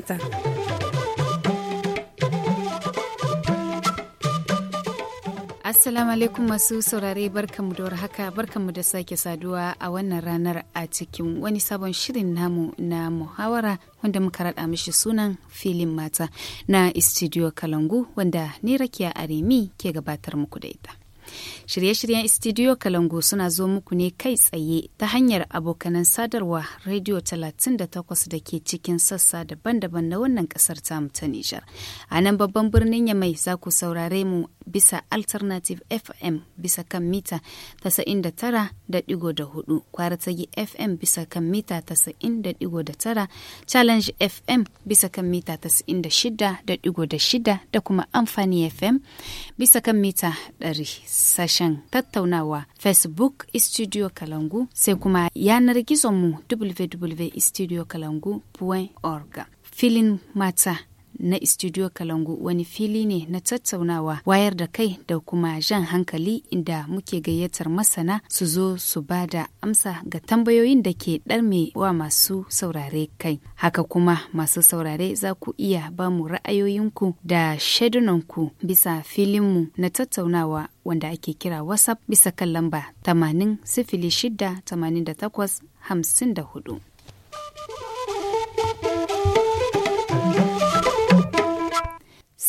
mata Assalamu alaikum masu saurare barkanmu da warhaka barkanmu da sake saduwa a wannan ranar a cikin wani sabon shirin namu na muhawara wanda muka raɗa mishi sunan filin mata na studio Kalangu wanda ni rakiya aremi ke gabatar muku da ita. Shirye-shiryen Studio Kalangu suna zo muku ne kai tsaye ta hanyar abokanan sadarwa Radio 38 da ke cikin sassa daban-daban na wannan kasar ta ta Nijar. A nan babban birnin Yamai za ku saurare mu bisa Alternative FM bisa kan mita 99.4, Kwaratagi FM bisa kan mita 99.9, Challenge FM bisa kan mita 96.6 da kuma Amfani FM bisa kan mita 100. sashen tattaunawa facebook studio kalangu sai kuma yanar gizonmu www.studiokalangu.org filin mata na Studio Kalangu wani fili ne na tattaunawa wayar da kai da kuma jan hankali inda muke gayyatar masana su zo su ba da amsa ga tambayoyin da ke ɗarme wa masu saurare kai. Haka kuma masu saurare za ku iya ba mu ra'ayoyinku da shaidunanku bisa filinmu na tattaunawa wanda ake kira WhatsApp bisa kan lamba 80 shida 88 hudu.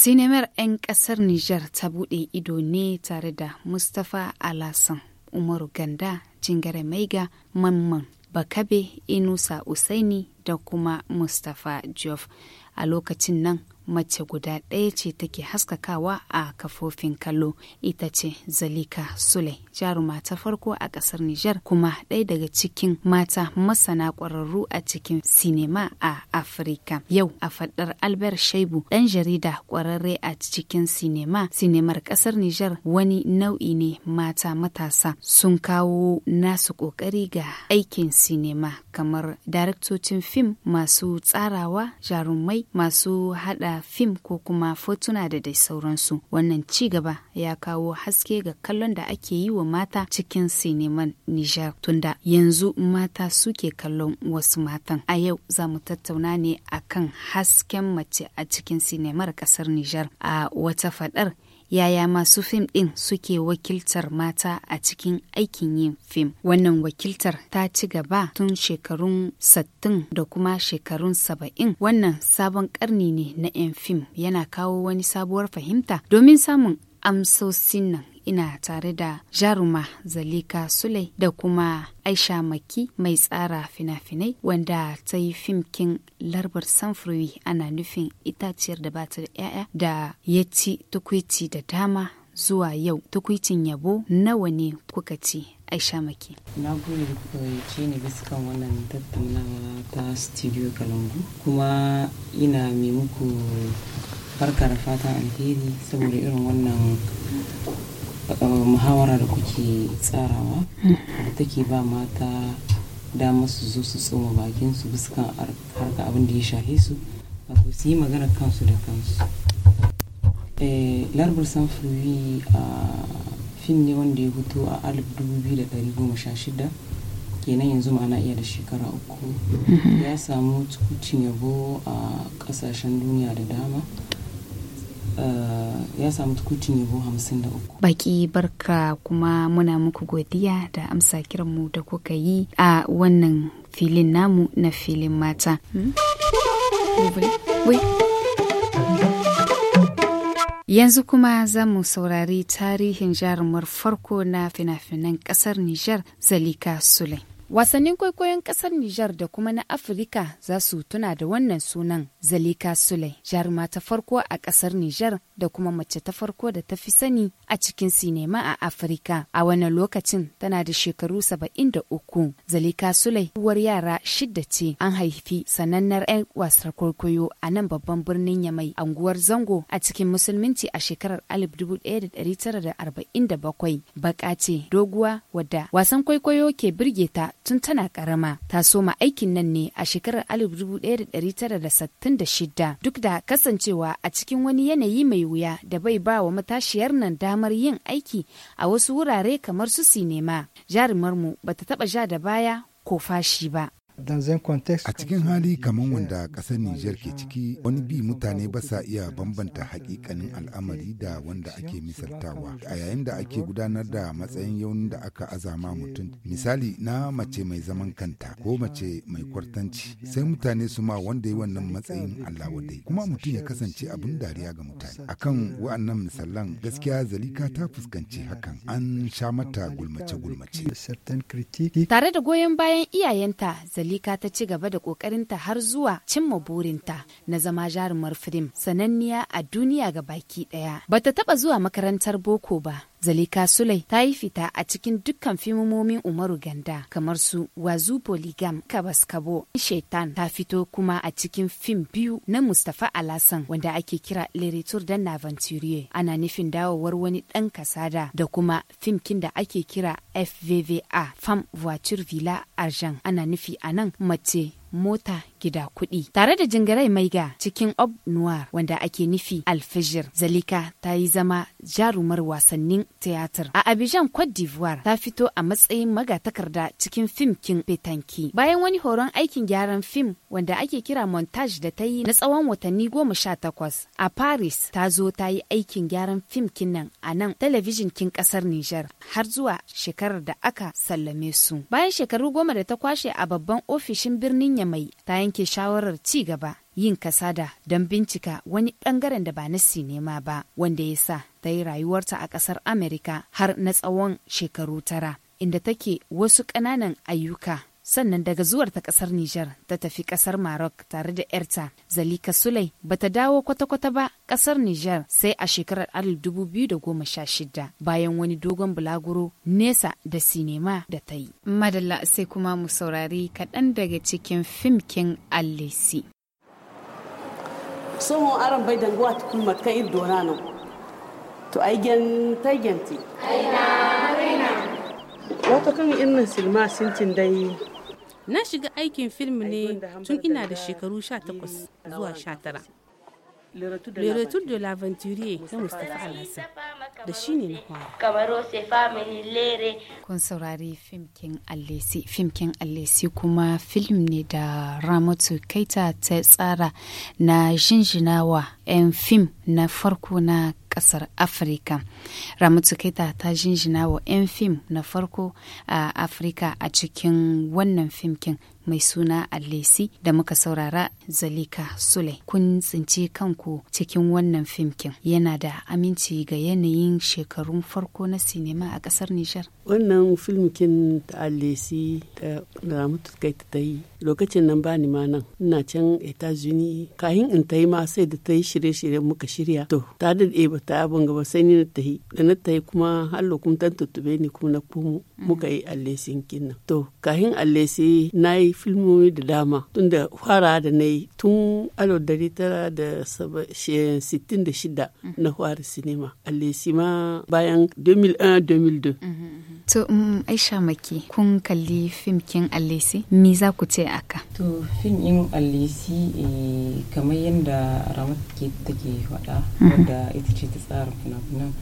Sinimar 'yan ƙasar Nijar ta buɗe ido ne tare da Mustapha Alasan, Umaru Ganda, Jingare Maiga, Mamman Bakabe, Inusa Usaini da kuma Mustapha Jof. A lokacin nan mace guda ɗaya ce take haskakawa a kafofin kallo ita ce zalika sule jaruma ta farko a ƙasar nijar kuma ɗaya daga cikin mata masana ƙwararru a cikin sinema a afirka yau a faɗar albert shaibu ɗan jarida ƙwararre a cikin sinema sinimar ƙasar nijar wani nau'i ne mata matasa sun kawo nasu ƙoƙari ga aikin sinima kamar daraktocin fim masu tsarawa jarumai masu haɗa fim ko kuma fotuna da dai sauransu wannan ci gaba ya kawo haske ga kallon da ake yi wa mata cikin sineman nijar tunda yanzu mata suke kallon wasu matan a yau za mu tattauna ne akan hasken mace a cikin sinemar kasar nijar a wata fadar yaya masu fim ɗin suke wakiltar mata a cikin aikin yin fim. Wannan wakiltar ta ci gaba tun shekarun sattin da kuma shekarun saba'in. Wannan sabon ƙarni ne na 'yan fim yana kawo wani sabuwar fahimta domin samun amsosin nan ina tare da jaruma zalika sulai da kuma aisha maki mai tsara fina-finai wanda ta yi fimkin larbar samfuri ana nufin itaciyar da ba ta da 'ya'ya da ya ci tukwici da dama zuwa yau tukwicin yabo nawa ne kuka ci aisha maki na gode da kuka ce ni bisa wannan tattaunawa ta studio kalangu kuma ina mai muku farkar fata fatan alheri saboda irin wannan muhawara da kuke tsarawa da take ba mata dama su zo su tsoma bakin su biskan harka abin da ya shahe su wato su yi magana kansu da kansu eh, larabar samfuri a fin ne wanda ya hutu a 2016 kenan yanzu ma'ana iya da shekara uku mm-hmm. ya samu cikin yabo a kasashen duniya da dama Eh, ya samu tukutin yabo uku. Baki barka kuma muna muku godiya da amsa kiranmu da kuka yi a wannan filin namu na filin mata. Hmm? Yanzu kuma za mu saurari tarihin jarumar farko na fina-finan ƙasar Nijar Zalika Sulaim. Wasannin kwaikwayon kasar Nijar da kuma na Afirka za su tuna da wannan sunan Zalika Sule, jaruma ta farko a kasar Nijar da kuma mace ta farko da ta fi sani a cikin sinema a Afirka. A wannan lokacin tana da shekaru 73. Zalika Sulai uwar yara shidda ce an haifi sanannar 'yan wasar kwaikwayo a nan babban birnin Yamai anguwar Zango a cikin musulminci a shekarar 1947. Baka ce doguwa wadda wasan kwaikwayo ke birge ta tun tana karama. Ta soma aikin nan ne a shekarar 1966 duk da kasancewa a cikin wani yanayi mai wuya da bai ba wa matashiyar nan damar yin aiki a wasu wurare kamar su sinema. Jarumarmu ba ta taɓa ja da baya ko fashi ba. A cikin hali kamar wanda ƙasar Nijar ke ciki eh, wani bi mutane ba sa iya bambanta hakikanin al'amari da wanda ake misaltawa a yayin da ake gudanar da matsayin yaunin da aka azama mutum. Misali na mace mai zaman kanta ko mace mai kwartanci sai mutane su ma wanda yi wannan matsayin Allah wadai kuma mutum ya kasance abin dariya ga mutane. Akan wa'annan misallan gaskiya Zalika ta fuskanci hakan an sha mata gulmace-gulmace. Tare da goyon bayan iyayenta Zalika Malika ta ci gaba da ƙoƙarinta har zuwa cimma burinta na zama jarumar firim sananniya a duniya ga baki ɗaya. Bata taɓa zuwa makarantar boko ba, Zalika Sulai ta yi fita a cikin dukkan fimimomin Umaru Ganda kamar su Wazu Polygam, Kabas Kabo, Shaitan ta fito kuma a cikin fim biyu na Mustapha Alasan wanda ake kira leretur dan Naventurier. Ana nufin dawowar wani ɗan kasada da kuma fimkin da ake kira FVVA Fam Voiture Villa Argent. Ana nufi a nan mace mota gida kuɗi tare da jingarai ga cikin ob noir wanda ake nufi alfijir zalika ta yi zama jarumar wasannin tiyatar a abidjan cote d'ivoire ta fito a matsayin magatakarda cikin fim kin petanki bayan wani horon aikin gyaran fim wanda ake kira montage da ta yi na tsawon watanni goma sha takwas a paris ta zo ta yi aikin gyaran fim kin nan a nan talabijin kin ƙasar niger har zuwa shekarar da aka sallame su bayan shekaru goma da ta kwashe a babban ofishin birnin sanya mai ta yanke shawarar ci gaba yin kasada don bincika wani ɓangaren da ba na sinema ba wanda ya sa ta yi rayuwarta a ƙasar Amerika har na tsawon shekaru tara inda take wasu ƙananan ayyuka sannan daga zuwar ta kasar Nijar ta tafi kasar Maroc tare da ‘yarta Zalika Sulai ta dawo kwata-kwata ba kasar Nijar sai a shekarar 2016 bayan wani dogon bulaguro nesa da sinema da ta yi. Madalla sai kuma mu saurari kaɗan daga cikin fimkin Allesi. Sohon aran bai danguwa tukun matakan irdona nan. To ai ta genti. Aina, aina. Wata kan inna silma sintin dai Na shiga aikin film ne tun ina da shekaru 18 zuwa 19. Le de de l'Aventurier na Mustapha Alhassan da shi ne na fara. Kun saurari Fimkin Allesi. Fimkin Allesi kuma film ne da Ramatu Kaita ta tsara na jinjinawa 'yan fim na farko na kasar afirka ramatu kaita ta jinjina wa 'yan fim na farko a afirka a cikin wannan fim fimkin mai suna alesi da muka saurara zalika sule kun tsinci kanku cikin wannan fim fimkin yana da aminci ga yanayin shekarun farko na sinima a kasar nijar. wannan filmkin ta alesi da ramatu kai ta yi lokacin nan ni ma nan ina can etazuni kayan in ta yi ma sai da ta yi shirye-shirye muka shirya to ta ta abin gaba sai ni na tahi da na tahi kuma hallo kuma tan tutube ni kuma na komo muka yi allesin kinna to kahin allesi na yi filmomi da dama tun da fara da na yi tun alo dari tara da sittin da shida na fara sinima allesi ma bayan 2001-2002 mhm, mhm. to mm, aisha maki kun kalli fim kin allesi me za ku ce aka to fim in allesi eh, kamar yadda ramat take faɗa mhm. wadda ita ce ta tsara fina-finan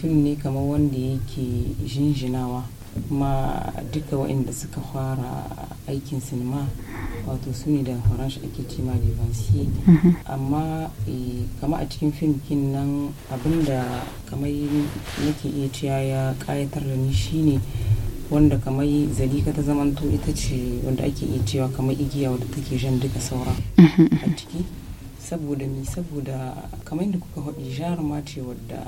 fim ne kamar wanda yake jinjinawa kuma duka waɗanda suka fara aikin sinima wato su ne da faransa ake cima divansi mhm. amma eh, kama a cikin fim kin nan abinda kamar nake iya ciya ya kayatar da ni shine wanda kamar zalika ta zamanto ita ce wanda ake iya cewa kamar igiya wadda take jan duka sauran mhm. a ciki saboda ni saboda kamar yadda kuka haɗi jaruma ce wadda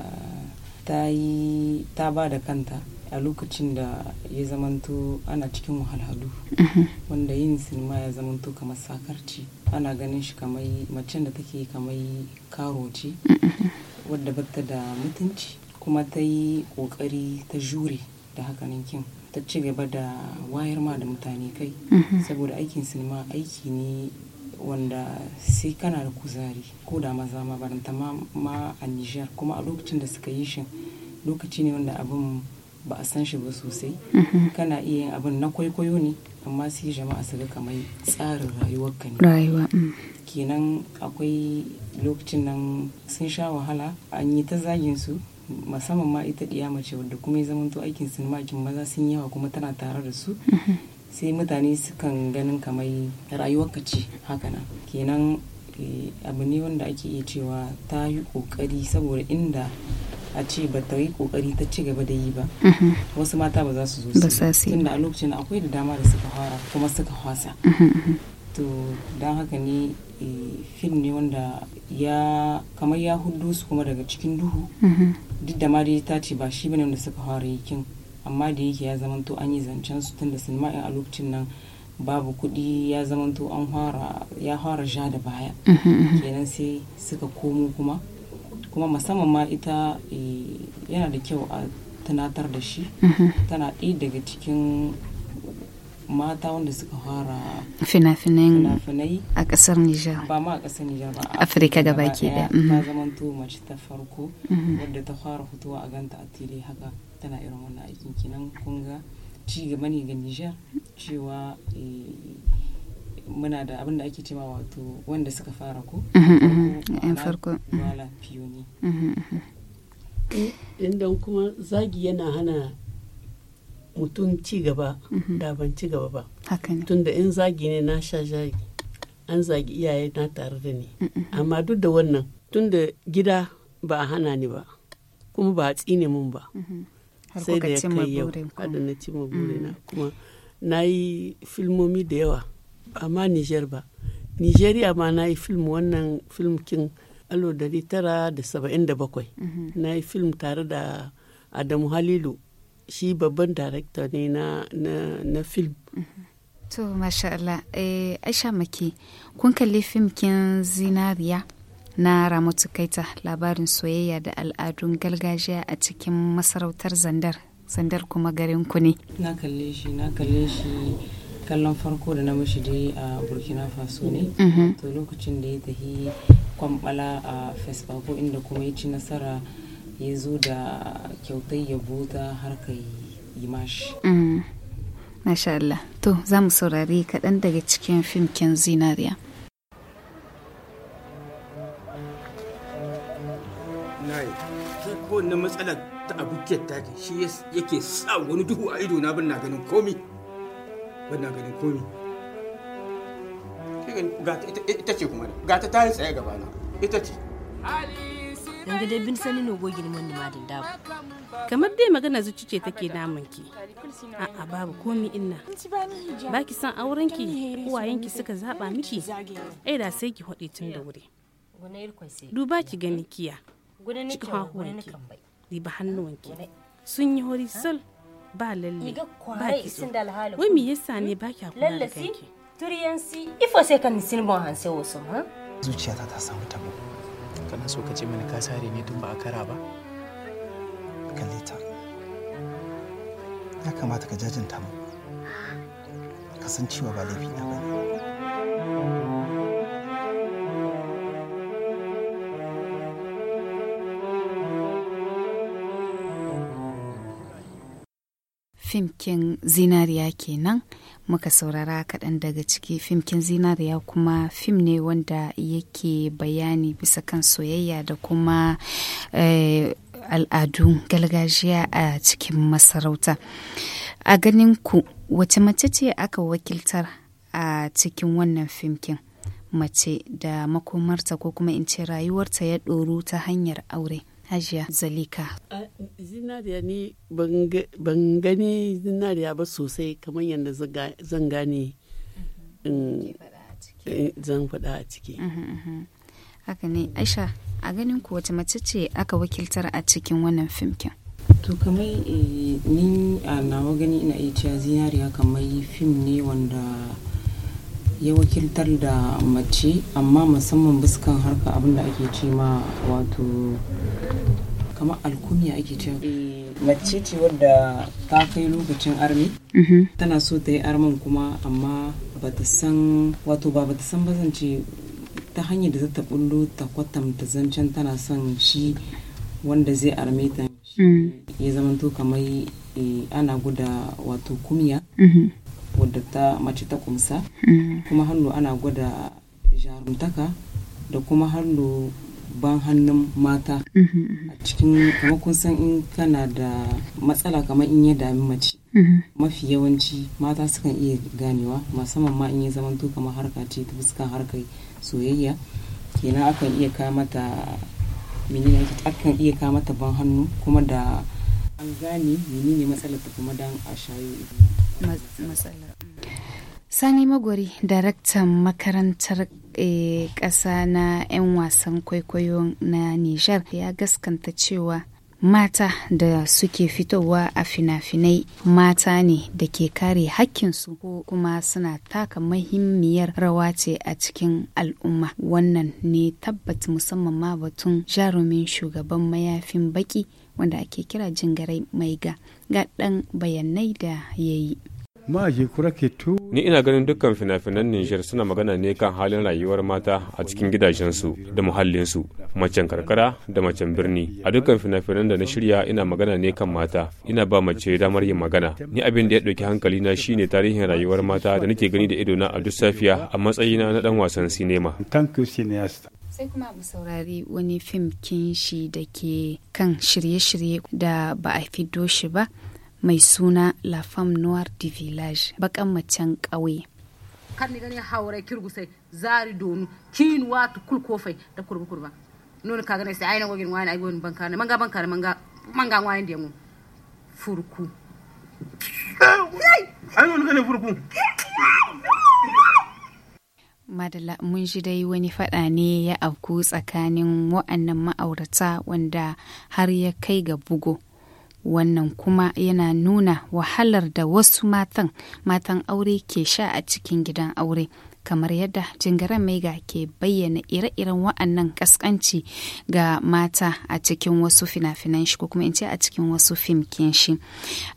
ta yi ta ba da kanta a lokacin da ya zamanto ana cikin wahalhalu mhm. wanda yin sinima ya zamanto kamar sakarci ana ganin shi kamar macen da take kamar karo mhm. wadda bata da mutunci kuma ta yi kokari ta jure da hakanin kin ta ci gaba da wayar ma da mutane kai mhm. saboda aikin sinima aiki ne wanda sai kana da kuzari ko da maza ma baranta ma a Nijar kuma a lokacin da suka yi shi lokaci ne wanda abin ba a san shi ba sosai mhm. kana iya yin abin na kwaikwayo ne amma sai jama'a su ga kamar tsarin rayuwarka ne rayuwa mm. kenan akwai lokacin nan sun sha wahala an yi ta zagin su musamman ma ita diya mace wadda kuma ya zamanto aikin sinima maza sun yawa kuma tana tare da su mhm. sai mutane sukan ganin kamar rayuwarka ce haka nan kenan eh, abu ne wanda ake iya cewa ta yi kokari saboda inda a ce ba ta yi kokari ta ci gaba da yi ba mm-hmm. wasu mata ba za su zo su tunda a lokacin akwai da dama da suka fara kuma suka hwasa mm-hmm, mm-hmm. to don haka ne eh, fim ne wanda ya kamar ya hudu su kuma daga cikin duhu duk da ma dai ta ce ba shi bane wanda suka fara yi kin amma da yake ya zamanto an yi zancen su tunda sinima a lokacin nan babu kuɗi ya to an fara ya fara ja da baya mhm, mhm. kenan sai suka komo kuma kuma musamman ma ita eh, yana da kyau a tunatar da shi mhm. tana ɗi daga cikin mata wanda suka fara fina-finai a ƙasar Nijar ba ma a ƙasar Nijar ba Afirka gaba ke da ta to mace ta farko wadda ta fara fitowa a ganta a tele haka tana irin wannan aikin kenan kun ga ci gaba ne ga Nijar cewa eh, muna da abin da ake cewa wato wanda suka fara ko yan farko wala fiyoni. inda kuma zagi yana hana mutum ci gaba da ban ci gaba ba tunda in zagi ne na sha zagi an zagi iyaye na tare da ni amma duk da wannan tunda gida ba a hana ni ba kuma ba a tsine mun ba sai da ya kai yau hada na mm. bure na kuma na yi filmomi da yawa amma niger ba nigeria ma na yi film wannan film kin alo da tara da saba'in da bakwai mhm. na yi film tare da adamu halilu shi babban director ne na, na, na film mhm. to masha Allah eh, aisha maki kun kalli fim kin zinariya na Ramatu Kaita labarin soyayya da al'adun gargajiya a cikin masarautar Zandar. Zandar kuma garin ku ne. Na kalle shi, na kalle shi kallon farko da na mashi dai a Burkina Faso ne. Mm-hmm. To lokacin da ya tafi kwambala a Fesbako inda kuma ya ci nasara ya zo da kyautai ya har ka yi mashi mm-hmm. Masha Allah. To za mu saurari kaɗan daga cikin fim kyan zinariya. matsalar ta abokiyar taki shi yake sa wani duhu a ido na banna ganin komi banna ganin komi ita ce kuma ga ta tayi tsaye gaba na ita ce yanga dai bin sani no gogin wani madin dabu kamar dai magana zuci ce take namun ki a'a babu komi inna baki san auren ki uwayen ki suka zaba miki ai da sai ki hode tun da wuri duba ki gani kiya cikin hakuwan ki riba hannuwanki sun yi hori sal ba lalle ba ki kitso wai me yasa ne ba ki akwai da kanki turiyansi ifo sai kan nisin bon hanse wasu ha zuciyata ta samu tabo kana so ka ce mini ka sare ne tun ba a kara ba kalle ta ya kamata ka jajanta mu ka san cewa ba laifi na bane fimkin zinariya kenan muka saurara kaɗan daga ciki fimkin zinariya kuma fim ne wanda yake bayani bisa kan soyayya da kuma eh, al'adun galgajiya a cikin masarauta a ganin ku wace mace ce aka wakiltar a cikin wannan fimkin mace da makomarta ko kuma in ce rayuwarta ya ɗoru ta hanyar aure hajiya zalika zinariya ne ban gani zinariya ba sosai kamar yadda zan gane mm-hmm. zan faɗa a ciki eh, mm-hmm, mm-hmm. haka ne aisha a ganin ku wata mace ce aka wakiltar a cikin wannan fimkin to kamar eh, ni a nawa gani ina iya cewa zinariya kamar fim ne wanda ya wakiltar da mace amma musamman biskan harka abinda ake ce ma wato kamar alkumiya ake ce eh, mace ce wadda ta kai lokacin armi mm-hmm. tana so ta yi armin kuma amma ba ta san wato ba ta san bazance ta hanyar da ta bullo ta kwatanta zancen tana son shi wanda zai arme ta mm-hmm. ya zamanto kamar eh, ana guda wato kumiya mm-hmm. wadda ta mace ta kumsa hmm. kuma hannu ana gwada jarumtaka da kuma hannu ban hannun mata hmm. a cikin kamar kun san in kana da matsala kamar in ya dami mace hmm. mafi yawanci mata sukan iya ganewa musamman ma in ya to kamar harka ce ta fuskan harkar soyayya kenan akan iya kawo mata ne akan iya kawo mata ban hannu kuma da an gane ne matsalar ta kuma dan a shayo ita Mm. sani magwari daraktan makarantar eh, ƙasa na 'yan wasan kwaikwayo na nijar ya gaskanta cewa mata da suke fitowa a fina-finai mata ne da ke kare hakkinsu ko kuma suna taka mahimmiyar rawa ce a cikin al'umma wannan ne tabbat musamman ma batun jarumin shugaban mayafin baki wanda ake kira jingarai maiga ga ɗan bayanai da ya yi. Ni ina ganin dukkan fina-finan Nijar suna magana ne kan halin rayuwar mata a cikin gidajensu da muhallinsu, macen karkara da macen birni. A dukkan fina-finan da na shirya ina magana ne kan mata, ina ba mace damar yin magana. Ni abin da ya ɗauki hankali na shine tarihin rayuwar mata da nake gani da idona a duk safiya a matsayina na ɗan wasan sinema. sai kuma mu saurari wani fim kinshi da ke kan shirye-shirye da ba a fido shi ba mai suna la femme noire du village bakan macen ƙauye kan ni gani haure kirgusai zari donu kin watu kul kofai da kurbu kurba nuna ka gane sai aina wogin wani ai wogin bankana manga bankana manga manga wani da mu furku ai ai wani gane furku Madala mun shi dai wani fada ne ya afku tsakanin wa'annan ma'aurata wanda har ya kai ga bugo. Wannan kuma yana nuna wahalar da wasu matan, matan aure ke sha a cikin gidan aure. kamar yadda jingaren maiga ke bayyana ire-iren wa'annan kaskanci ga mata a cikin wasu fina-finan shi ko kuma in ce a cikin wasu fim shi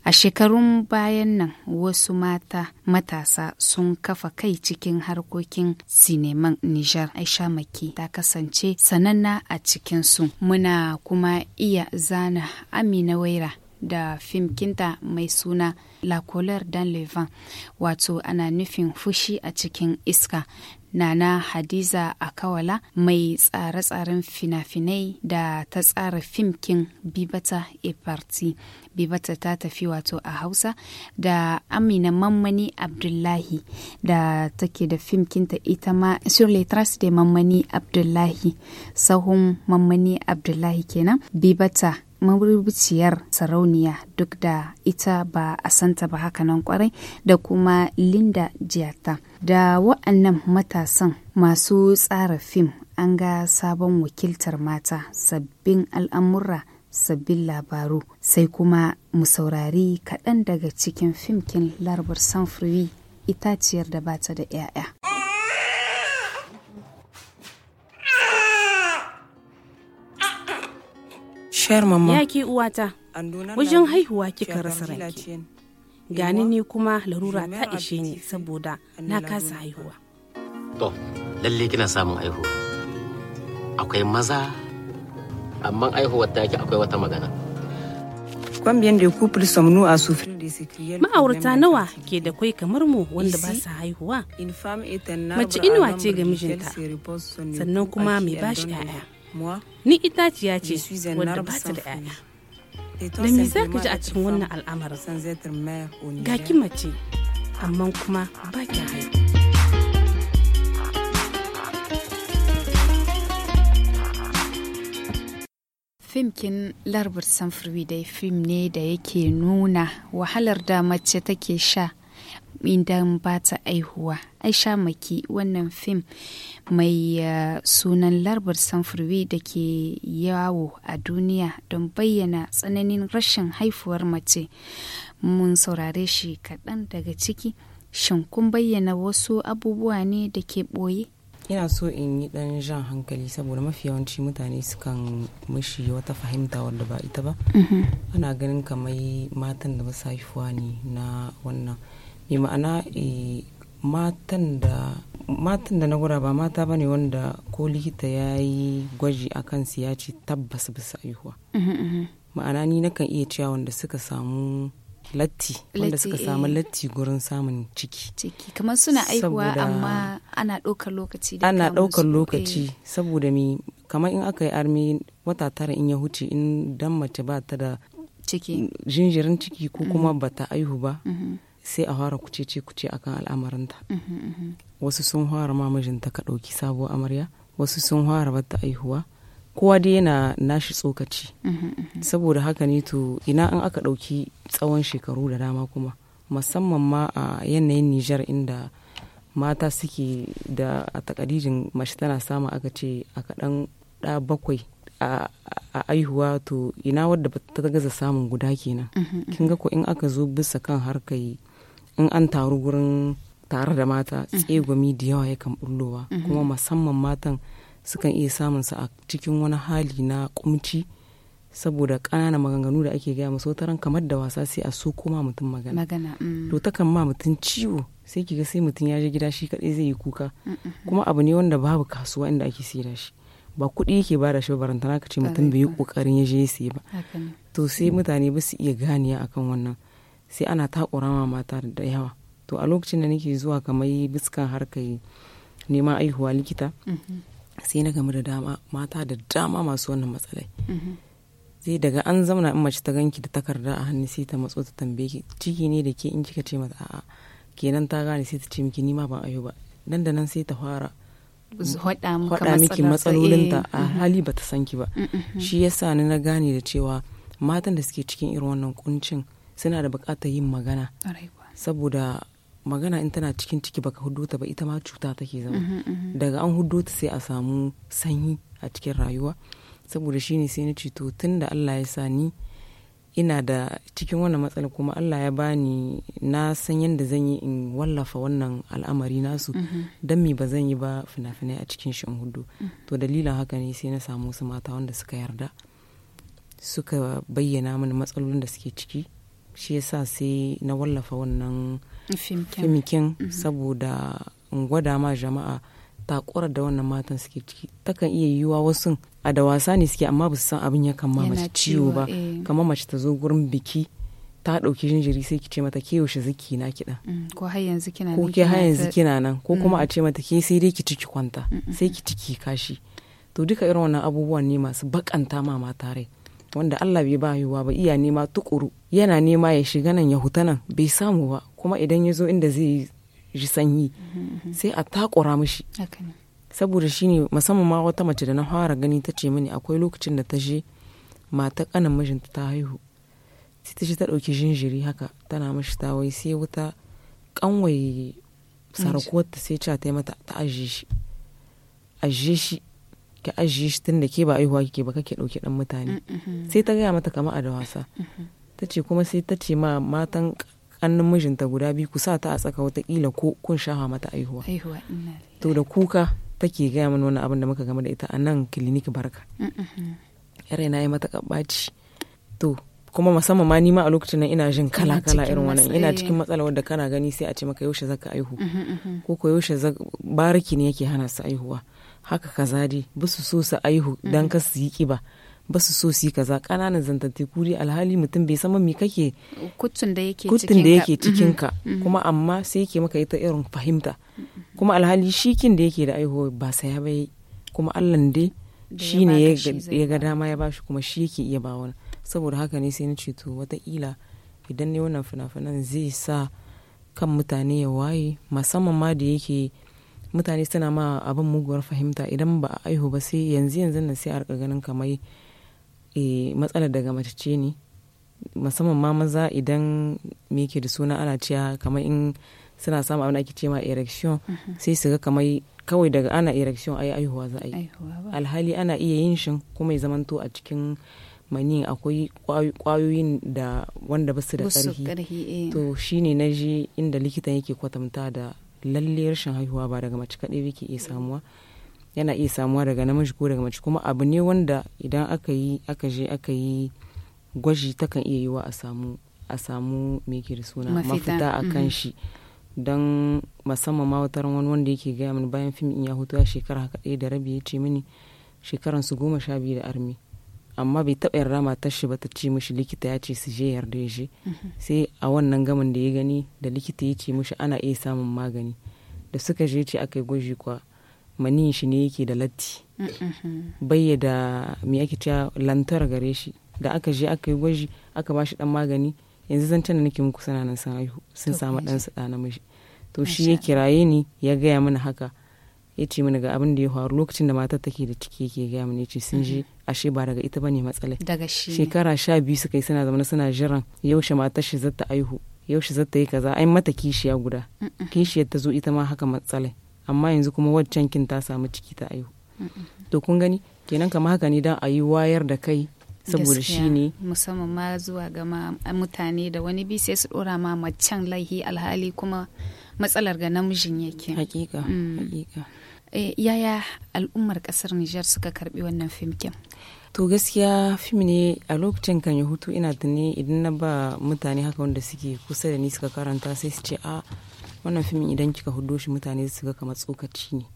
a shekarun bayan nan wasu mata matasa sun kafa kai cikin harkokin sineman nijar aisha maki ta kasance sananna a cikinsu muna kuma iya zana amina waira da fimkinta mai suna la Dan dans le vent wato ana nufin fushi a cikin iska Nana Hadiza Akawala mai tsare-tsaren fina-finai da ta tsara fim kin Bibata e Parti. Bibata ta tafi wato a Hausa da Amina Mammani Abdullahi da take da fim fimkinta ita ma Sur les traces de Mammani Abdullahi, sahun Mammani Abdullahi kenan. Bibata marubuciyar sarauniya duk da ita ba a santa ba hakanan kwarai da kuma linda jiyata da wa'annan matasan masu tsara fim an ga sabon wakiltar mata sabbin al'amurra sabbin labaru sai kuma mu saurari kaɗan daga cikin fimkin larabar sanfuri itaciyar da bata da 'ya'ya. Shayar mamma. Ya ke uwata, wajen haihuwa kika rasa ranki. Gani ni kuma larura ta ishe ni saboda na kasa haihuwa. To, lalle kina samun haihuwa. Akwai maza, amma haihuwar ta akwai wata magana. Kwambiyan da ku som nous a sufi. Ma'aurata nawa ke da kwai kamar mu wanda ba sa haihuwa? Mace inuwa ce ga mijinta, sannan kuma mai bashi 'ya'ya. ni itaciya ce wadda ba ta da 'ya'ya da me za ka ji a cikin wannan al'amarin ga ki mace amma kuma ba ki haihu fimkin larbar samfurwi dai fim ne da yake nuna wahalar da mace take sha idan ba ta aihuwa aisha maki wannan fim mai eh, sunan larbar samfurwe da ke yawo a duniya don bayyana tsananin rashin haifuwar mace mun saurare shi kaɗan daga ciki shin kun bayyana wasu abubuwa ne da ke ɓoye ina so in yi ɗan jan hankali saboda mafi yawanci mutane sukan mishi wata fahimta wadda ba ita ba mhm. ana ganin kamar matan da ba haifuwa ne na wannan yi ma'ana eh, matan da matan da na gura ba mata bane wanda ko likita ya yi gwaji a kansu ya ce tabbas bisa aihuwa uhm, uhm, uhm. ma'ana ni nakan iya cewa wanda suka samu latti wanda suka samu eh. latti gurin samun ciki ciki kamar suna aihuwa amma ana ɗaukar lokaci ana ɗaukar lokaci eh. saboda mi kamar in aka yi armi wata tara in ya huce in dan mace ba ta da ciki jinjirin ciki ko kuma bata aihu ba mm -hmm. sai a fara kucece kuce akan al'amuranta mhm, mhm. wasu sun fara ma mijinta ka ɗauki sabuwar amarya wasu sun fara bata aihuwa kowa dai yana nashi tsokaci mhm, saboda haka ne to ina an aka ɗauki tsawon shekaru da dama kuma musamman ma a yanayin nijar inda mata suke da a takadijin mace tana samu aka ce a kaɗan ɗa bakwai a aihuwa to ina wadda ta gaza samun guda kenan kin ga ko in aka zo bisa kan harkai in an taru wurin tare da mata mhm. tsegumi da yawa yakan bullowa mhm. kuma musamman matan sukan iya samun sa a cikin wani hali na kumci saboda ƙananan maganganu da ake gaya musu wataran kamar da wasa sai a so koma mutum magana mm. to takan ma mutum ciwo sai kiga sai mutum ya je gida shi kaɗai zai yi kuka mm, mm, kuma abu ne wanda babu kasuwa inda ake sayar shi ba kuɗi yake ba da shi barantana ka ce mutum bai yi ƙoƙarin ya je ya sayi ba to sai mutane ba su iya ganiya akan wannan sai ana takura mata da yawa to a lokacin da nake zuwa kamar biskan harkar neman aihuwa likita mhm. sai na gamu da dama mata da dama masu wannan matsalai zai mhm. daga an zamana in mace ta ganki da takarda a hannu sai ta matso ta tambaye ki ciki ne da ke in kika ce mata a'a kenan ta gane sai ta ce miki ni ma ban aihu ba nan da nan sai ta fara hwada miki matsalolinta a eh, mhm. hali ba ta san ki ba shi yasa ni na gane da cewa matan da suke cikin irin wannan kuncin suna da bukatar yin magana saboda magana in tana cikin ciki baka hudu ta ba ita ma cuta take zama mhm, mhm. daga an hudu ta sai a samu sanyi a cikin rayuwa saboda shi ne sai na ceto tun da Allah ya sa ni ina da cikin wannan matsala kuma Allah ya bani na san yadda zan yi in wallafa wannan al'amari nasu mhm. don mi ba zan yi ba fina-finai a cikin shi in hudu mm. to dalilin haka ne sai na samu su mata wanda suka yarda suka bayyana mini matsalolin da suke ciki shi yasa sai na wallafa wannan fimkin mhm. saboda in gwada ma jama'a takura da wannan matan suke ciki takan iya yiwuwa wasu a da wasa ne suke amma basu san abin ya kama mace ciwo ba eh. kamar mace ta zo gurin biki ta ɗauki jinjiri sai ki ce mata ke yaushe ziki na kiɗa mm, ko har yanzu kina nan ko ke har yanzu kina nan ko kuma a mm. ce mata ke sai dai ki ciki kwanta mm, sai ki ciki kashi to duka irin wannan abubuwan ne masu bakanta ma mata rai wanda Allah bai ba haihuwa ba iya nema tukuru yana nema ya shiga nan ya huta nan bai samu ba kuma idan ya zo inda zai ji sanyi mm-hmm. sai a takura mishi saboda shi ne musamman ma wata mace da na fara gani ta ce mini akwai lokacin da ta je mata kanan mijinta ta haihu sai ta ce ta ɗauki jinjiri haka tana mishi wai sai wuta kanwaye sarakuwar ta sai ta mata ta ajiye shi ajiye shi ki ajiye shi tunda da ke ba aihuwa kike ba kake ɗauki ɗan mutane sai ta gaya mata kama a da wasa ta ce kuma sai ta ce ma matan ƙannin mijinta guda biyu ku sa ta a tsaka wataƙila ko kun shafa mata aihuwa to da kuka take gaya mana wani abin da muka game da ita a nan kilinik barka yare na yi mata kabaci to kuma musamman ma nima a lokacin nan ina jin kala kala irin wannan ina cikin matsala wadda kana gani sai a ce maka yaushe zaka aihu mm-hmm, mm-hmm. ko ko yaushe bariki ne yake hana su aihuwa haka kaza dai ba su so su aihu dan ka su yi kiba ba su so su yi kaza kananan zantatteku kuri alhali mutum bai sama mi kake kutun da yake cikin ka mm-hmm. mm-hmm. kuma amma sai yake maka ita irin fahimta kuma alhali shikin da yake da aihuwa ba saya ba kuma Allah dai shi ne ya ga dama ya bashi kuma shi yake iya ba saboda haka ne sai na ce to wataƙila idan ne wannan fina-finan zai sa kan mutane ya waye musamman ma da yake mutane suna ma abin muguwar fahimta idan ba a aihu ba sai yanzu yanzu nan sai a rika ganin kamar eh, matsalar daga mace ce ne musamman ma maza idan me ke da suna ana cewa kamar in suna samun abin ake ce ma erection mhm. sai su ga kamar kawai daga ana erection ai aihuwa za a yi alhali ana iya yin shi kuma ya zamanto a cikin mani akwai kwayoyin da wanda basu da karhi eh. to shine na ji inda likitan yake kwatanta da lalle rashin haihuwa ba daga mace kaɗai yake iya samuwa yana iya samuwa daga namiji ko daga mace kuma abu ne wanda idan aka yi aka je aka yi gwaji takan iya yiwa a samu a samu me ke da suna mafita a kan mm-hmm. shi don musamman ma wani wanda yake gaya mini bayan fim in ya hutu ya shekara haka ɗaya da rabi ya ce mini shekaran su goma sha biyu da armi amma bai taɓa yarda matar shi ba ta ce mishi likita ya ce su je yarda ya je mhm. sai a wannan gaman da ya gani da likita ya ce mishi ana iya samun magani da suka je ce aka yi gwaji kwa manin shi ne yake da latti mm-hmm. bai da me ake cewa lantar gare shi da aka je aka yi gwaji aka bashi shi dan magani yanzu zan tana nake muku sana nan sun samu dan su da namiji to shi ya kiraye ni ya gaya mana haka ya ce mana ga abin da ya faru lokacin da matar take da ciki yake gaya mana ce sun ji mm-hmm. ashe ba daga ita bane matsalar daga shi shekara sha biyu suka yi suna zama suna jiran yaushe matar shi zata aihu yaushe zata yi kaza ai mata kishiya guda kishiyar ta zo ita ma haka matsalai. amma yanzu kuma waccan kin ta samu ciki ta aihu to kun gani kenan kama haka ne dan a yi wayar da kai saboda shi ne musamman ma zuwa ga mutane da wani bi sai su dora ma macen laihi alhali kuma matsalar ga namijin yake hakika mm. hakika eh, yaya al'ummar kasar Nijar suka karbi wannan fimkin to gaskiya fim ne a lokacin kan ya hutu ina da ne idan na ba mutane haka wanda suke kusa da ni suka karanta sai su ce a ah, wannan fim idan kika hudo shi mutane su ga kamar tsokaci ne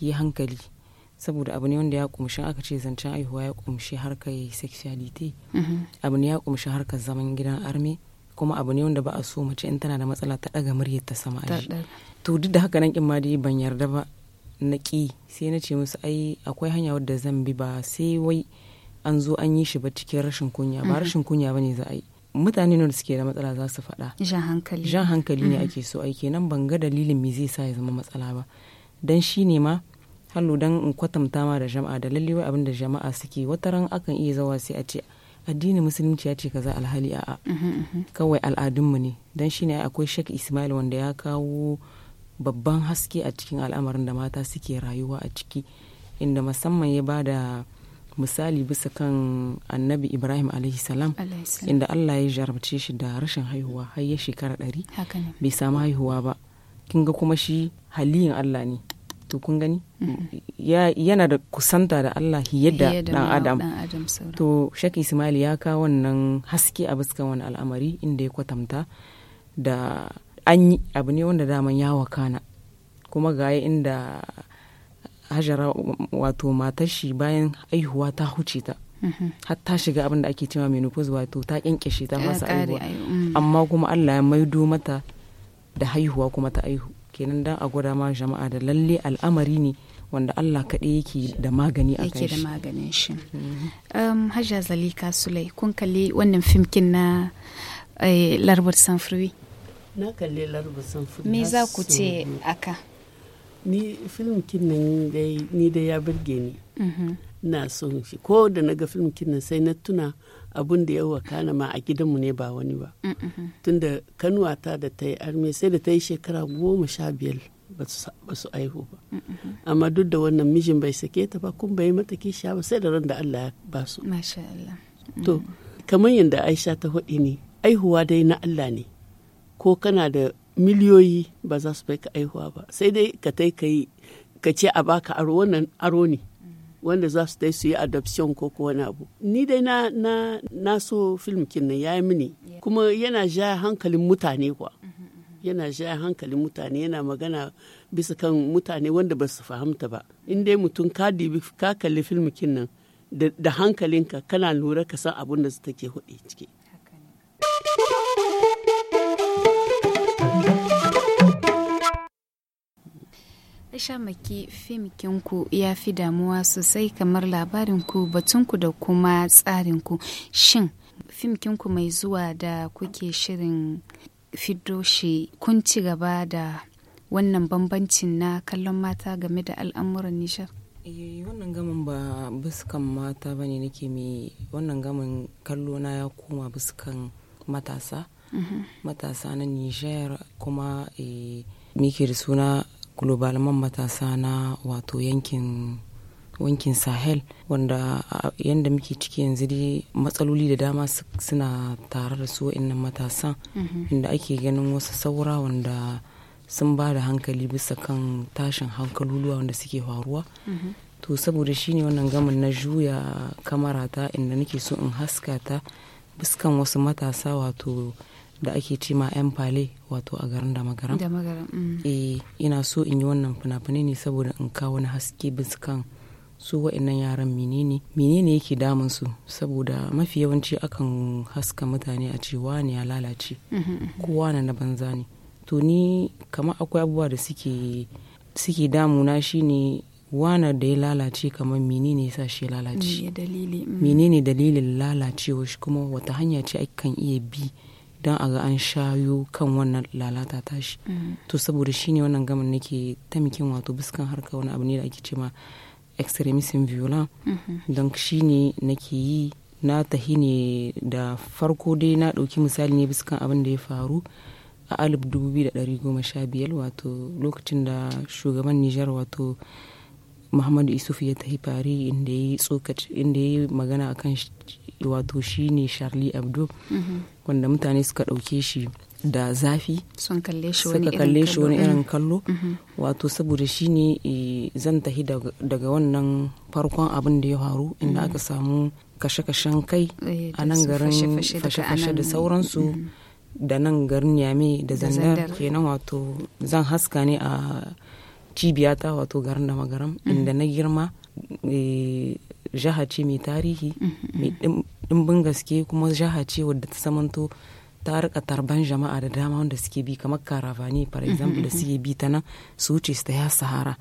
yi hankali saboda abu ne wanda ya kumshi aka ce zancen aihuwa ya kumshi harkar sexuality mm-hmm. abu ne ya kumshi harkar zaman gidan arme kuma abu ne wanda ba a so mace in tana da matsala ta daga muryar ta sama aji to duk da haka nan kin ma dai ban yarda ba na ki sai na ce musu ai akwai hanya wadda zan bi ba sai wai an zo an yi shi ba cikin rashin kunya ba mhm. rashin kunya bane za a yi mutane ne suke da matsala za su faɗa jan hankali jan hankali ne mhm. ake so aiki nan ban ga dalilin me zai sa ya zama matsala ba dan shi ne ma hallo dan in kwatanta ma da jama'a da lallewai abin da jama'a suke wataran akan iya zawa sai a ce addinin musulunci ya ce kaza alhali a'a kawai al'adunmu ne don shi shine akwai shek ismail wanda ya kawo babban haske a cikin al'amarin da mata suke rayuwa a ciki inda musamman ya bada misali bisa kan annabi ibrahim salam inda allah ya jarabce shi da rashin haihuwa har ya shekara ɗari bai samu haihuwa ba kin ga kuma shi haliyin allah ne to kun gani hmm. yana da kusanta da Allah yadda dan adam to shaki ismail ya kawo wannan haske a biskan wani al'amari inda ya kwatamta da an yi abu ne wanda daman ya wakana kuma gaya inda hajara wato matar shi bayan aihuwa ta huce ta mm-hmm. har ta shiga abin da ake cewa menopause wato ta shi ta fasa aihuwa mm. amma kuma Allah ya maido mata da haihuwa kuma ta aihu kenan dan a gwada ma jama'a da lalle al'amari ne wanda Allah kaɗai yake da magani a kan shi. da maganin shi. Mm-hmm. Um, Hajja Zalika Sulai, kun kalli wannan fimkin na eh, Larabar Sanfurwi? Na kalli Larabar Sanfurwi. Me za ku ce aka? Ni filmkin nan dai ni da ya birge ni. Ina mm-hmm. son shi ko da na ga filmkin nan sai na tuna abun da ya wakana ma a gidanmu ne ba wani ba tunda kanuwata da ta yi arme sai da ta yi shekara goma sha biyar ba su aihu ba amma duk da wannan mijin bai sake ta ba kun bai mata kisha ba sai da ran da Allah ya ba su to kamar yadda Aisha ta faɗi ne aihuwa dai na Allah ne ko kana da miliyoyi ba za su bai ka aihuwa ba sai dai ka tai ka yi ka ce a baka aro wannan aro ne wanda za su dai su yi adoption ko ko wani abu ni dai na na na so film kin yayi mini kuma yana ja hankalin mutane kuwa yana ja hankalin mutane yana magana bisa kan mutane wanda ba su fahimta ba in dai mutum ka dibi ka kalli film kin nan da hankalinka kana lura ka san abun da take hudi ciki aisha maki fim kinku ya fi damuwa sosai kamar labarinku batunku da kuma tsarinku. Shin fim kinku mai zuwa da kuke shirin fiddo shi kun ci gaba da wannan bambancin na kallon mata game da al'amuran nishar? Eh, wannan gamin ba buskan mata bane nake mai wannan gamin kallo na ya koma buskan matasa mm-hmm. matasa na nijar kuma eh, muke da suna globalman matasa na wato yankin wankin sahel wanda yadda muke ciki yanzu dai matsaloli da dama suna tare da su wa'annan matasan mm-hmm. inda ake ganin wasu saura wanda sun ba da hankali bisa kan tashin hankaluluwa wanda suke faruwa mm-hmm. to saboda shi ne wannan gamin na juya kamarata inda nake so in haska ta biskan wasu matasa wato da ake ce ma yan fale wato a garin da magaram mm. eh, ina so in yi wannan fina-finai ne saboda in kawo wani haske biskan su wa'annan yaran menene menene yake damun su saboda mafi yawanci akan haska mutane a ce wani ya lalace mm-hmm. kowa na na banza ne to ni kamar akwai abubuwa da suke suke damuna shine wana da ya lalace kamar menene ya sa shi ya lalace menene mm. dalilin lalacewa shi kuma wata hanya ce akan iya bi don a ga an shayo kan wannan lalata tashi mm. to saboda shi ne wannan gaman nake taimakin wato biskan harka wani abu ne da ake ce ma extremism violin mm-hmm. don shi ne nake yi na tahi ne da farko dai na ɗauki misali ne biskan abin da ya faru a alif 2015 wato lokacin da shugaban nijar wato muhammadu isufu ya tahi fari inda ya yi magana akan wato ne charlie abdu wanda mutane suka ɗauke shi da zafi suka kalle shi wani irin kallo mm-hmm. mm-hmm. wato saboda shi ne e, zan tahi daga wannan farkon abin da ya faru inda mm-hmm. aka samu kashe-kashen kai eh, a nan garin fashe-fashe da sauransu da nan garin yame da zandar kenan wato zan haska ne a cibiyata wato garin da magaram inda na girma e, jiha ce mai tarihi mhm, mhm. mai dimbin gaske kuma jiha ce wadda ta samanto ta rika tarban jama'a da dama wanda suke bi kamar karavani for mhm, example da suke bi ta nan su wuce su ya sahara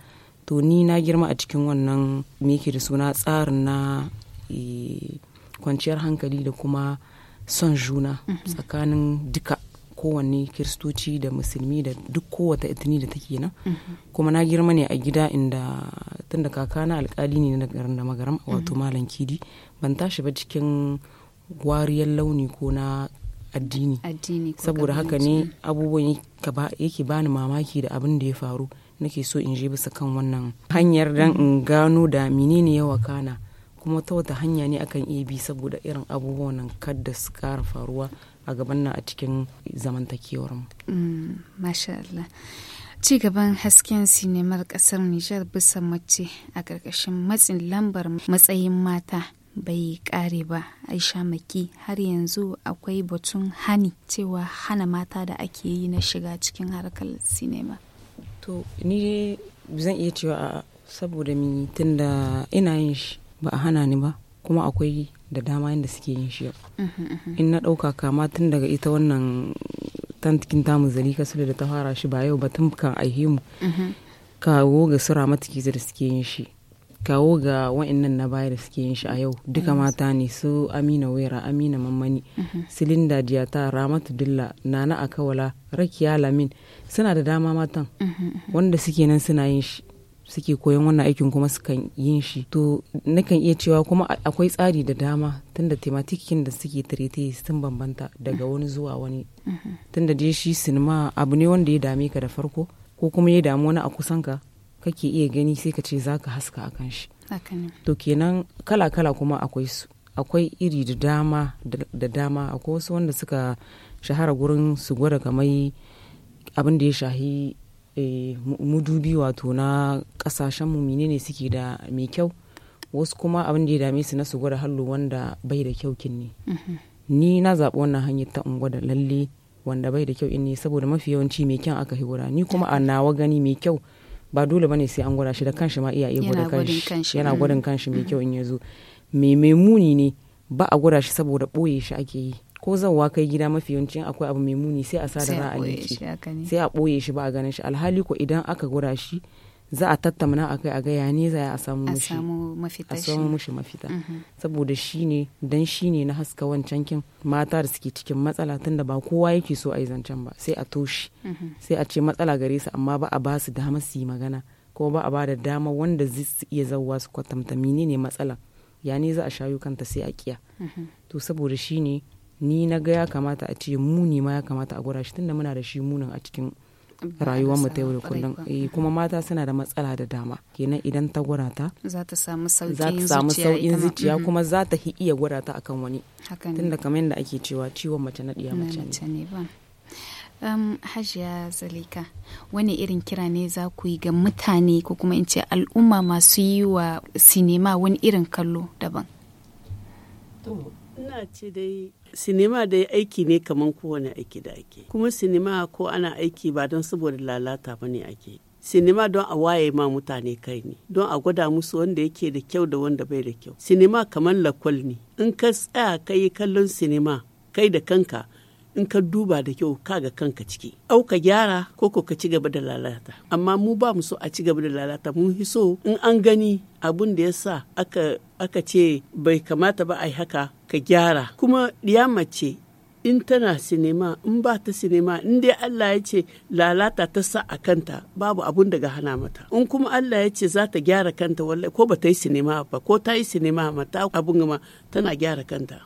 to ni na girma a cikin wannan me da suna tsarin na eh, kwanciyar hankali da kuma son juna tsakanin duka kowanne kiristoci da musulmi da duk kowata itini da take nan kuma na girma ne a gida inda tun da kakana alkali ne na garin da magaram mhm. wato malam kidi ban tashi ba cikin wariyar launi ko na addini saboda haka ne mm. abubuwan yake bani mamaki da abin da ya faru nake so in je bisa kan wannan hanyar dan in mm. gano da menene yawa kana kuma ta wata hanya ne akan iya bi saboda irin abubuwan nan kada su kara faruwa a gaban nan a cikin zamantakewar mu. Mm, masha Allah. Ci gaban hasken sinimar kasar Nijar bisa mace a ƙarƙashin matsin lambar matsayin mata bai ƙare ba aisha maki har yanzu akwai batun hani cewa hana mata da ake yi na shiga cikin harkar sinima to ni zan iya cewa saboda mi da ina yin shi ba a hana ni ba kuma akwai da dama yadda suke yin shi uhm, uhm, uhm. in na ɗauka kama tun daga ita wannan tantikin tamu zali su da ta fara shi ba yau ba tun kan aihe mu kawo ga sura matakiza da suke yin shi kawo ga wa'annan na baya da suke yin shi a yau duka mata ne su amina wera amina mammani silinda diyata ramatu dilla nana akawala rakiya lamin suna da dama matan wanda suke nan suna yin shi suke koyon wannan aikin kuma sukan yin shi to nakan iya cewa kuma akwai tsari da dama tunda tematikin da suke tarete sun bambanta daga wani zuwa wani mm-hmm. tunda dai shi sinima abu ne wanda ya dame ka da farko ko kuma ya damu wani a kusan ka kake iya gani sai ka ce za ka haska a kan shi to kenan kala kala kuma akwai su akwai iri da dama da dama akwai wasu wanda suka shahara gurin su gwada kamar abin da ya shahi Eh, mudubi wato na kasashen mu menene suke da mai kyau wasu kuma abin da ya dame su na su gwada hallo wanda bai da kyau kin ne mhm. ni na zaɓi wannan hanyar ta unguwa lalle wanda bai da kyau in ne saboda mafi yawanci mai kyan aka higura ni kuma a nawa gani mai kyau ba dole bane sai an gwada shi da kanshi ma iya iya gwada kanshi yana gwadin mm. kanshi mai mm. kyau in ya zo mai muni ne ba a gwada shi saboda ɓoye shi ake yi ko zawa kai gida mafi yawancin akwai abu mai muni sai a sada ra'a liki sai a ɓoye shi ba a ganin shi alhali ko idan aka gura shi za a tattauna a kai a gaya ne za a samu mushi a samu mushi mafita mhm. saboda shi ne dan shi ne na haska wancan kin mata da suke cikin matsala tunda ba kowa yake so a yi zancen ba sai a toshi mhm. sai a ce matsala gare su amma ba a ba su dama su yi magana ko ba a ba da dama wanda zai iya zauwa su kwatanta ne matsala ya za a shayo kanta sai a kiya mhm. to saboda shi ne ni na ga ya kamata a ce muni ma ya kamata a gwada shi tunda muna da shi munin a cikin rayuwar mu ta yau da kullum eh kuma mata suna da matsala da dama kenan idan ta gura ta za ta samu sauƙin zuciya mhm. kuma za ta iya gura ta akan wani tunda kamar yadda ake cewa ciwon mace na diya mace ne Um, hajiya zalika wani irin kira ne za ku yi ga mutane ko kuma in ce al'umma masu yi wa sinima wani irin kallo daban to ina ce dai sinima dai aiki ne kamar kowane aiki da ake kuma sinima ko ana aiki ba don saboda lalata ba ne ake sinima don a waye ma mutane kai ne don a gwada musu wanda yake da kyau da wanda bai da kyau sinima kamar lakwal ne in ka tsaya ka kallon sinima kai da kanka in ka duba da kyau ka ga kanka ciki au ka gyara ko ka ci gaba da lalata amma mu ba mu so a ci gaba da lalata mu fi so in an gani abun da ya sa aka ce bai kamata ba a yi haka ka gyara kuma ya mace in tana sinima in ba ta sinima in dai Allah ya ce lalata ta sa a kanta babu abun daga hana mata in kuma Allah ya ce za ta gyara kanta wallahi ko ba ta yi sinima ba ko ta yi sinima ma ta abun gama tana gyara kanta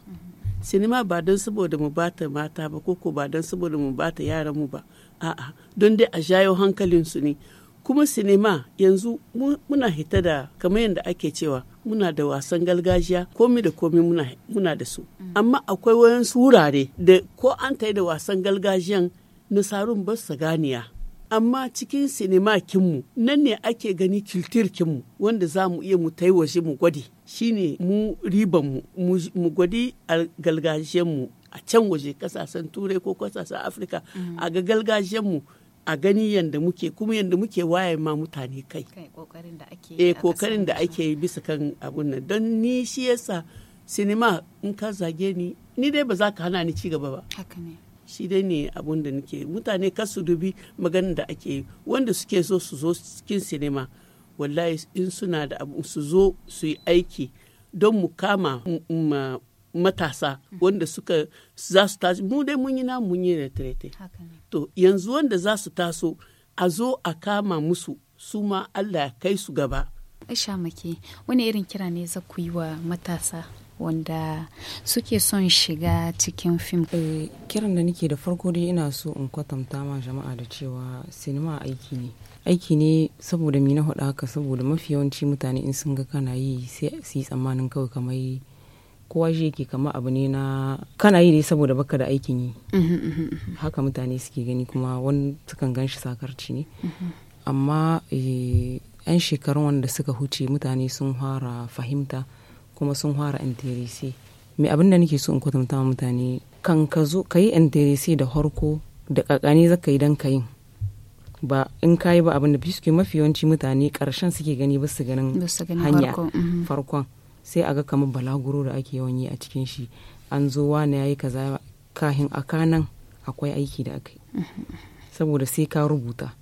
sinima ba don saboda mu bata mata ba ko ba don saboda mu bata yaran mu ba a'a don dai a jayo hankalin su ne kuma sinima yanzu muna hita da kamar yadda ake cewa muna da wasan gargajiya komi da komi muna, muna da su mm. amma akwai wayansu wurare da ko an ta da wasan gargajiyan nasarun ba su ganiya amma cikin sinima kinmu nan ne ake gani kiltir kinmu wanda za mu iya mu tai waje mu gwadi shine mu ribanmu mu gwadi a mu a can waje kasashen turai ko kasashen afirka mm. a ga mu a gani yadda muke kuma yadda muke waye ma mutane kai e kokarin da eh, ake yi bisa kan abun nan don ni shi yasa sinima in ka zage ni ni dai ba za ka hana ni ci gaba ba shi dai ne abun da nake mutane kar su dubi maganin da ake yi wanda suke so su zo cikin sinima wallahi in suna da abu su zo su yi aiki don mu kama matasa wanda suka za su tashi mu dai mun yi na mun yi retrete to yanzu wanda za su taso a zo a kama musu su ma Allah ya kai su gaba Aisha make wani irin kira ne za ku yi wa matasa wanda suke son shiga cikin fim eh, kiran da nake da farko dai ina so in kwatanta ma jama'a da cewa sinima aiki ne aiki ne saboda mi na haɗa haka saboda mafi yawanci mutane in sun ga kana yi sai su yi tsammanin kawai kamar kowa shi yake kama abu ne na kana yi dai saboda baka da aikin yi mhm, mhm, mhm. haka mutane suke gani kuma wani sukan gan shi sakarci ne amma eh, 'yan shekarun wanda suka huce mutane sun fara fahimta kuma sun fara NTDC. me abin da nake so in kwatanta mutane kan ka zo ka yi NTDC da harko da kakani zaka yi dan ka ba in ka yi ba abin da suke mafi yawanci mutane karshen suke gani ba su ganin hanya mhm. farkon sai a ga kamar balaguro da ake yawan yi a cikin shi an zo wani ya yi kaza kahin a kanan akwai aiki da aka yi mhm. saboda sai ka rubuta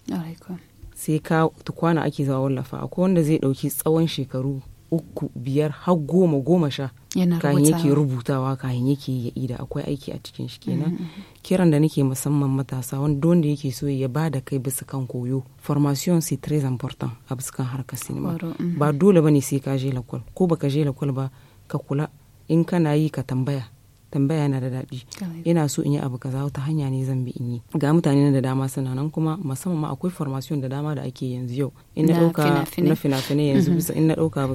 sai ka tukwana ake zawa wallafa akwai wanda zai ɗauki tsawon shekaru uku biyar har goma goma sha kayan yake rubutawa kayan yake ya ida akwai aiki a cikin shi kenan mm-hmm. kiran da nake musamman matasa wanda don da yake so ya ba da kai bisa kan koyo formation c'est très important a bisa kan harkar sinima mm-hmm. ba dole ba ne sai ka je lakwal ko baka je lakwal ba ka kula in kana yi ka tambaya tambaya na da daɗi Ina so in yi abu kaza ta hanya ne zan bi in yi ga mutane da dama suna nan kuma musamman ma akwai formation da dama da ake yanzu yau in na ɗauka na fina-finai yanzu mhm. bisa in na ɗauka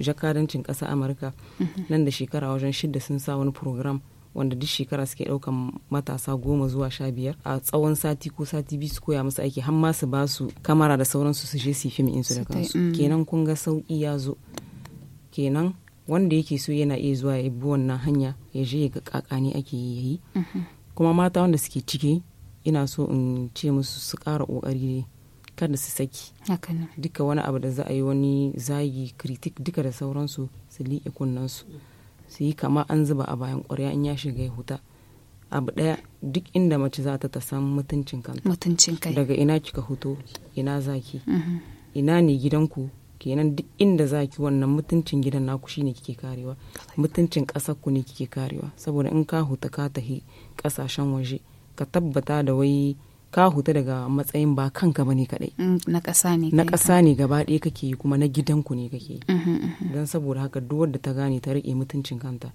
jakadancin ƙasa amurka mhm. nan da shekara wajen shida sun sa wani program wanda duk shekara suke ɗaukan matasa goma zuwa sha biyar a tsawon sati ko sati biyu su koya musu aiki har ma su ba su kamara da sauransu su je su yi fim su da kansu mm. kenan kun ga sauƙi ya zo kenan wanda yake so yana iya zuwa ya bi wannan hanya ya je ga kakani ake yi yayi mhm. kuma mata wanda suke ciki ina so in ce musu su ƙara ƙoƙari kada su saki duka wani abu da za a yi wani zagi kritik duka da sauransu su liƙe kunnensu su yi kama an zuba a bayan ƙwarya in ya shiga ya huta abu ɗaya duk inda mace za ta ta san mutuncin kanta daga ina kika huto ina zaki mhm. ina ne gidanku kenan duk inda zaki wannan mutuncin gidan naku shine kike karewa mutuncin kasar ku ne kike karewa saboda in ka huta ka tahi ƙasashen waje ka tabbata da wai ka huta daga matsayin ba kanka bane kadai mm, na ƙasa ne na ƙasa ne gaba ɗaya kake yi kuma na gidan ku ne kake yi mm-hmm, mm-hmm. don saboda haka duk wanda ta gane ta rike mutuncin kanta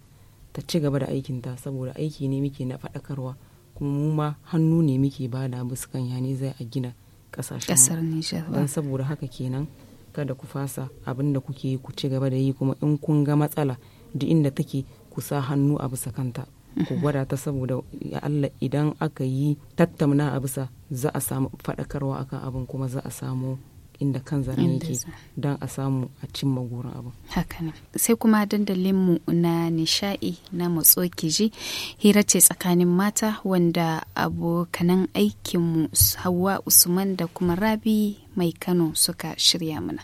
ta ci gaba da aikinta saboda aiki ne muke na faɗakarwa kuma mu ma hannu ne muke bada buskan ya zai a gina ƙasashen don saboda haka kenan kada ku fasa abin da kuke yi ku ci gaba da yi kuma in kun ga matsala duk inda take ku sa hannu a bisa kanta ku mhm. gwada ta saboda ya Allah idan aka yi tattamna a bisa za a samu faɗakarwa akan abin kuma za a samu inda kan zaren yake don a samu a cimma gurin abu. Haka Sai kuma dandalinmu na nishaɗi na matsokiji hira ce tsakanin mata wanda abokanan aikinmu hawa Usman da kuma Rabi mai Kano suka shirya mana.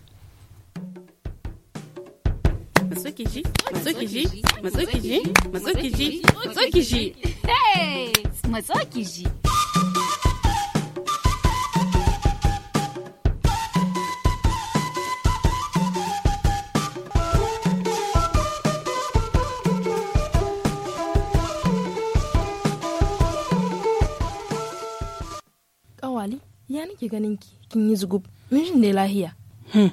matsokiji ake ganin kin yi zugub mijin ne lahiya hmm.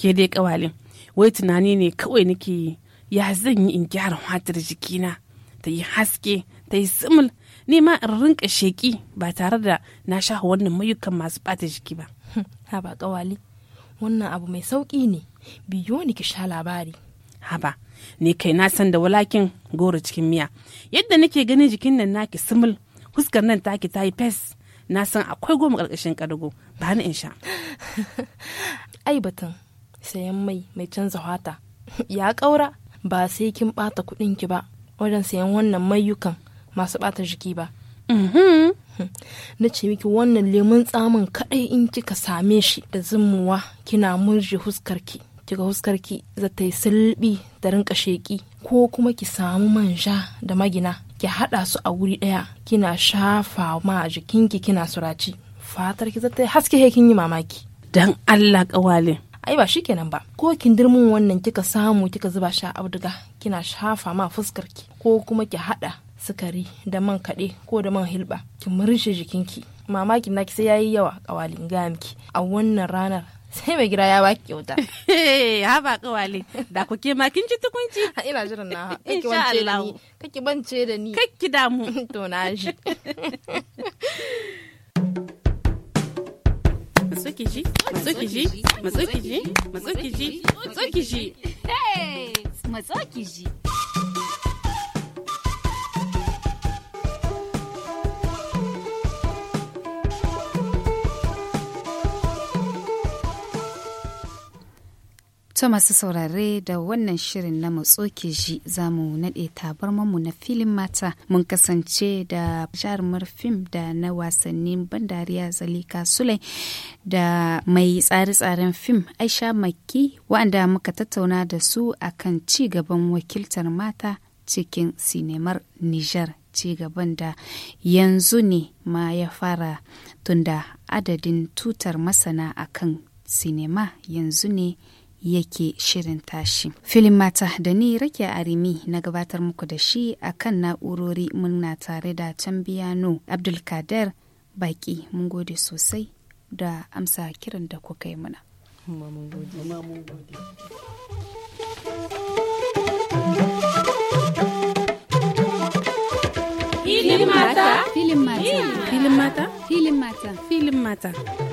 ke dai kawalin wai tunani ne kawai nake yi ya zan yi in gyara hatar jikina ta yi haske ta yi simul ne ma in rinka sheki ba tare da na sha wannan mayukan masu bata jiki ba hmm, ha ba kawali wannan abu mai sauki ne biyo ni ki sha labari ha ba ni kai na san da walakin goro cikin miya yadda nake ganin jikin nan naki simul huskar nan taki ta yi fes na san akwai goma karkashin kargo ba ni in sha ai batun sayan mai mai canza fata ya ƙaura. ba sai kin bata kudin ki ba wajen sayan wannan mayukan masu bata jiki ba mm-hmm. na ce miki wannan lemun tsamin kaɗai in kika same shi da zumuwa kina murje huskarki kiga huskarki za ta yi sulbi da rinka sheƙi. ko kuma ki samu manja da magina ki haɗa su a wuri ɗaya kina shafa ma jikinki kina surace fatar ki zata haske he kin yi mamaki dan Allah kawale ai ba shi shikenan ba ko kin dirmin wannan kika samu kika zuba sha auduga kina shafa ma fuskar ki ko kuma ki haɗa sukari da man kaɗe ko da man hilba ki murshe jikinki mamakin naki sai yayi yawa kawalin gamki a wannan ranar sai mai gida ya baki wuta ha ba kawale da ku ke ma kin ci tukunci ina jiran na kake wance da ni kake bance da ni kake damu to na shi matsukiji matsukiji matsukiji matsukiji matsukiji matsukiji To masu saurare da wannan shirin na ke shi za mu naɗe tabarmanmu na filin mata mun kasance da jarumar fim da na wasannin bandariya zalika sulai da mai tsare-tsaren fim aisha maki wa'anda muka tattauna da su akan ci gaban wakiltar mata cikin sinimar Nijar ci gaban da yanzu ne ma ya fara tunda adadin tutar masana akan sinema yanzu ne yake shirin tashi. Filin mata da ni rake arimi na gabatar muku da shi a kan na'urori muna tare da tambiyano Abdulkader baki mun gode sosai da amsa kiran da kuka yi muna. Filin mata, filin mata, filin mata, filin mata, filin mata.